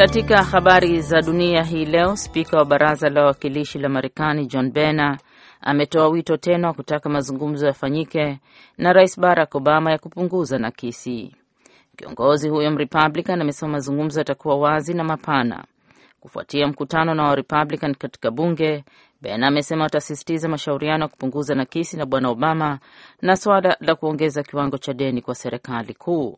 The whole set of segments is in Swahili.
Katika habari za dunia hii leo, spika wa baraza la wawakilishi la Marekani John Boehner ametoa wito tena wa kutaka mazungumzo yafanyike na Rais Barack Obama ya kupunguza nakisi. Kiongozi huyo Mrepublican amesema mazungumzo yatakuwa wazi na mapana kufuatia mkutano na Warepublican katika bunge. Ben amesema watasisitiza mashauriano ya kupunguza nakisi na Bwana Obama na swala la kuongeza kiwango cha deni kwa serikali kuu.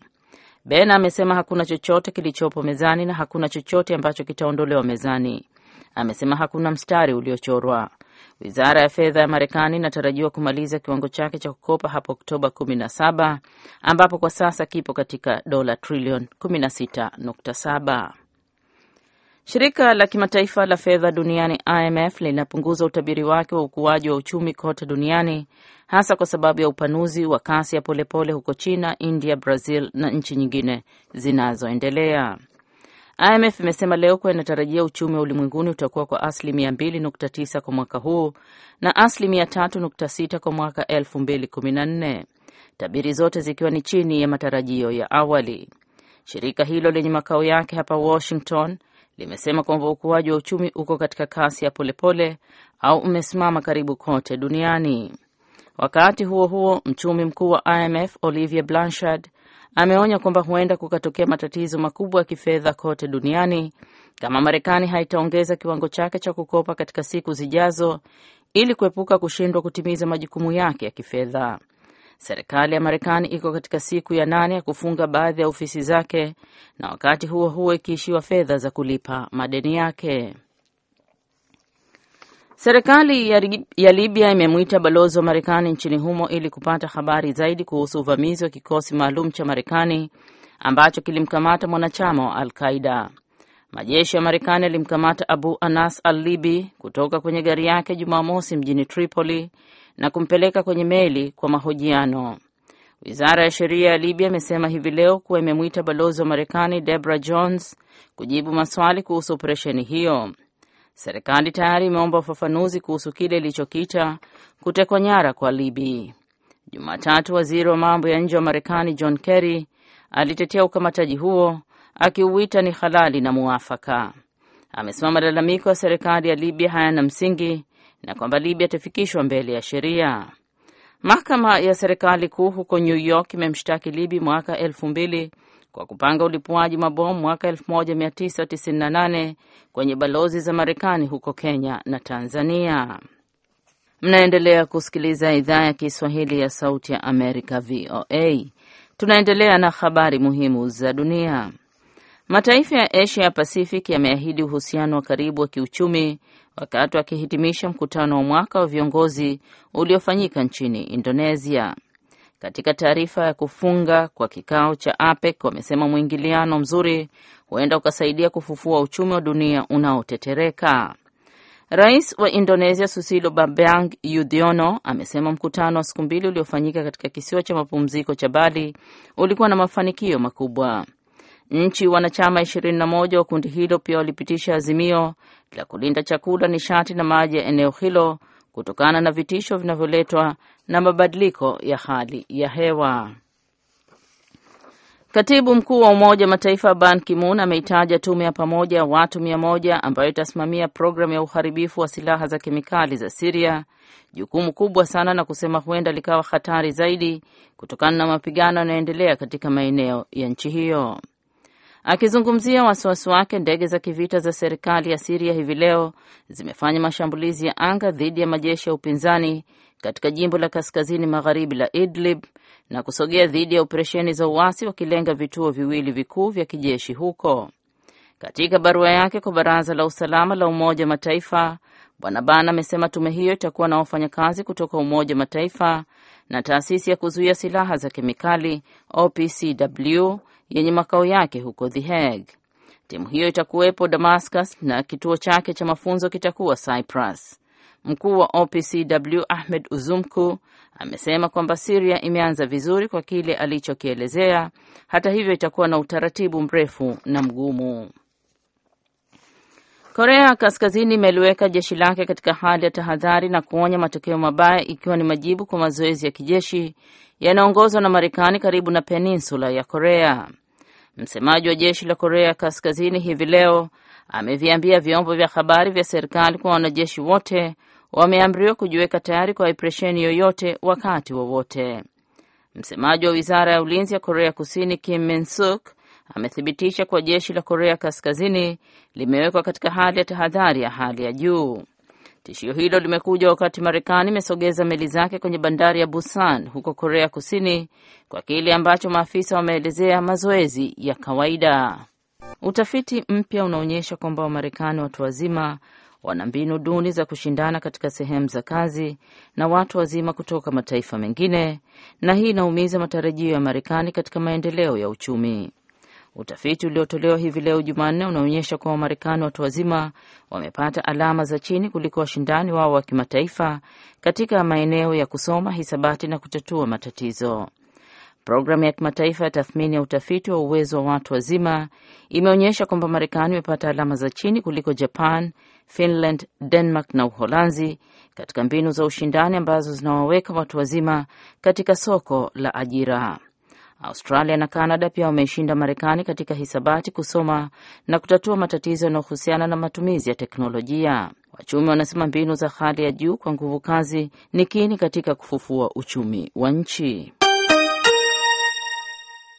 Ben amesema hakuna chochote kilichopo mezani na hakuna chochote ambacho kitaondolewa mezani. Amesema hakuna mstari uliochorwa. Wizara ya fedha ya Marekani inatarajiwa kumaliza kiwango chake cha kukopa hapo Oktoba 17 ambapo kwa sasa kipo katika dola trilioni 16.7. Shirika la kimataifa la fedha duniani IMF linapunguza utabiri wake wa ukuaji wa uchumi kote duniani hasa kwa sababu ya upanuzi wa kasi ya polepole huko China, India, Brazil na nchi nyingine zinazoendelea. IMF imesema leo kuwa inatarajia uchumi wa ulimwenguni utakuwa kwa asilimia 2.9 kwa mwaka huu na asilimia 3.6 kwa mwaka 2014, tabiri zote zikiwa ni chini ya matarajio ya awali. Shirika hilo lenye makao yake hapa Washington limesema kwamba ukuaji wa uchumi uko katika kasi ya polepole au umesimama karibu kote duniani. Wakati huo huo, mchumi mkuu wa IMF Olivier Blanchard ameonya kwamba huenda kukatokea matatizo makubwa ya kifedha kote duniani kama Marekani haitaongeza kiwango chake cha kukopa katika siku zijazo ili kuepuka kushindwa kutimiza majukumu yake ya kifedha. Serikali ya Marekani iko katika siku ya nane ya kufunga baadhi ya ofisi zake na wakati huo huo ikiishiwa fedha za kulipa madeni yake. Serikali ya Libya imemwita balozi wa Marekani nchini humo ili kupata habari zaidi kuhusu uvamizi wa kikosi maalum cha Marekani ambacho kilimkamata mwanachama wa Al-Qaida. Majeshi ya Marekani yalimkamata Abu Anas Al-Libi kutoka kwenye gari yake Jumamosi mjini Tripoli na kumpeleka kwenye meli kwa mahojiano. Wizara ya sheria ya Libya imesema hivi leo kuwa imemwita balozi wa Marekani debora Jones kujibu maswali kuhusu operesheni hiyo. Serikali tayari imeomba ufafanuzi kuhusu kile ilichokita kutekwa nyara kwa Libi. Jumatatu, waziri wa mambo ya nje wa Marekani John Kerry alitetea ukamataji huo akiuita ni halali na muafaka. Amesema malalamiko ya serikali ya Libya hayana msingi na kwamba Libya itafikishwa mbele ya sheria. Mahakama ya serikali kuu huko New York imemshtaki Libi mwaka elfu mbili kwa kupanga ulipuaji mabomu mwaka 1998 kwenye balozi za Marekani huko Kenya na Tanzania. Mnaendelea kusikiliza idhaa ya Kiswahili ya Sauti ya Amerika, VOA. Tunaendelea na habari muhimu za dunia. Mataifa ya Asia ya Pacific yameahidi uhusiano wa karibu wa kiuchumi wakati akihitimisha mkutano wa mwaka wa viongozi uliofanyika nchini Indonesia. Katika taarifa ya kufunga kwa kikao cha APEC wamesema mwingiliano mzuri huenda ukasaidia kufufua uchumi wa dunia unaotetereka. Rais wa Indonesia Susilo Bambang Yudhoyono amesema mkutano wa siku mbili uliofanyika katika kisiwa cha mapumziko cha Bali ulikuwa na mafanikio makubwa. Nchi wanachama 21 wa kundi hilo pia walipitisha azimio la kulinda chakula, nishati na maji ya eneo hilo kutokana na vitisho vinavyoletwa na mabadiliko ya hali ya hewa. Katibu mkuu wa Umoja Mataifa Ban Ki-moon ameitaja tume ya pamoja ya watu mia moja ambayo itasimamia programu ya uharibifu wa silaha za kemikali za Siria jukumu kubwa sana, na kusema huenda likawa hatari zaidi kutokana na mapigano yanayoendelea katika maeneo ya nchi hiyo. Akizungumzia wasiwasi wake, ndege za kivita za serikali ya Siria hivi leo zimefanya mashambulizi ya anga dhidi ya majeshi ya upinzani katika jimbo la kaskazini magharibi la Idlib na kusogea dhidi ya operesheni za uasi wakilenga vituo viwili vikuu vya kijeshi huko. Katika barua yake kwa Baraza la Usalama la Umoja wa Mataifa, Bwana Ban amesema tume hiyo itakuwa na wafanyakazi kutoka Umoja wa Mataifa na taasisi ya kuzuia silaha za kemikali OPCW yenye makao yake huko The Hague. Timu hiyo itakuwepo Damascus na kituo chake cha mafunzo kitakuwa Cyprus. Mkuu wa OPCW Ahmed Uzumku amesema kwamba siria imeanza vizuri kwa kile alichokielezea. Hata hivyo, itakuwa na utaratibu mrefu na mgumu. Korea Kaskazini imeliweka jeshi lake katika hali ya tahadhari na kuonya matokeo mabaya ikiwa ni majibu kwa mazoezi ya kijeshi yanaongozwa na Marekani karibu na peninsula ya Korea. Msemaji wa jeshi la Korea Kaskazini hivi leo ameviambia vyombo vya habari vya serikali kwa wanajeshi wote wameamriwa kujiweka tayari kwa operesheni yoyote wakati wowote. Msemaji wa wizara ya ulinzi ya Korea Kusini Kim Min Suk amethibitisha kuwa jeshi la Korea Kaskazini limewekwa katika hali ya tahadhari ya hali ya juu. Tishio hilo limekuja wakati Marekani imesogeza meli zake kwenye bandari ya Busan huko Korea Kusini kwa kile ambacho maafisa wameelezea mazoezi ya kawaida. Utafiti mpya unaonyesha kwamba Wamarekani watu wazima wana mbinu duni za kushindana katika sehemu za kazi na watu wazima kutoka mataifa mengine, na hii inaumiza matarajio ya Marekani katika maendeleo ya uchumi. Utafiti uliotolewa hivi leo Jumanne unaonyesha kuwa Wamarekani watu wazima wamepata alama za chini kuliko washindani wao wa kimataifa katika maeneo ya kusoma, hisabati na kutatua matatizo. Programu ya kimataifa ya tathmini ya utafiti wa uwezo wa watu wazima imeonyesha kwamba Marekani imepata alama za chini kuliko Japan, Finland, Denmark na Uholanzi katika mbinu za ushindani ambazo zinawaweka watu wazima katika soko la ajira. Australia na Canada pia wameishinda Marekani katika hisabati, kusoma na kutatua matatizo yanayohusiana na matumizi ya teknolojia. Wachumi wanasema mbinu za hali ya juu kwa nguvu kazi ni kiini katika kufufua uchumi wa nchi.